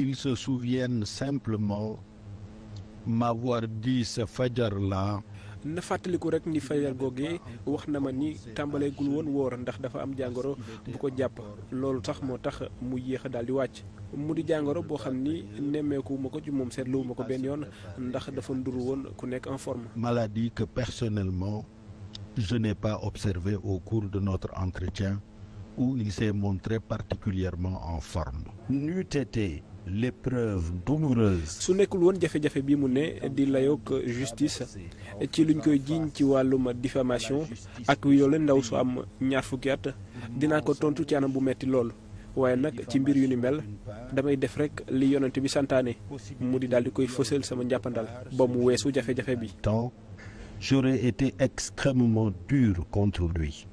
qu'ils se souviennent simplement m'avoir dit ce fajar là na fàttaliku rek ni fajar googee wax na ma ni tàmbaleegul woon woor ndax dafa am jàngoro bu ko jàpp loolu sax moo tax mu yéex a daal di wàcc mu di jàngoro boo xam ni nemmeekuma ko ci moom seetluwu ma ko benn yoon ndax dafa nduru woon ku nekk en forme. maladie que personnellement je n'ai pas observé au cours de notre entretien où il s'est montré particulièrement en forme. l'épreuve douloureuse. su nekkul woon jafe-jafe bi mu ne di layoog justice ci luñ koy jiiñ ci wàlluma diffamation ak wiyoole ndaw su am ñaar fukki at dinaa ko tontu ci anam bu metti loolu waaye nag ci mbir yu ni mel damay def rek li yonent bi santaane mu di daal di koy fësal sama njàppandal ba mu weesu jafe-jafe bi. J'aurais été extrêmement dur contre lui.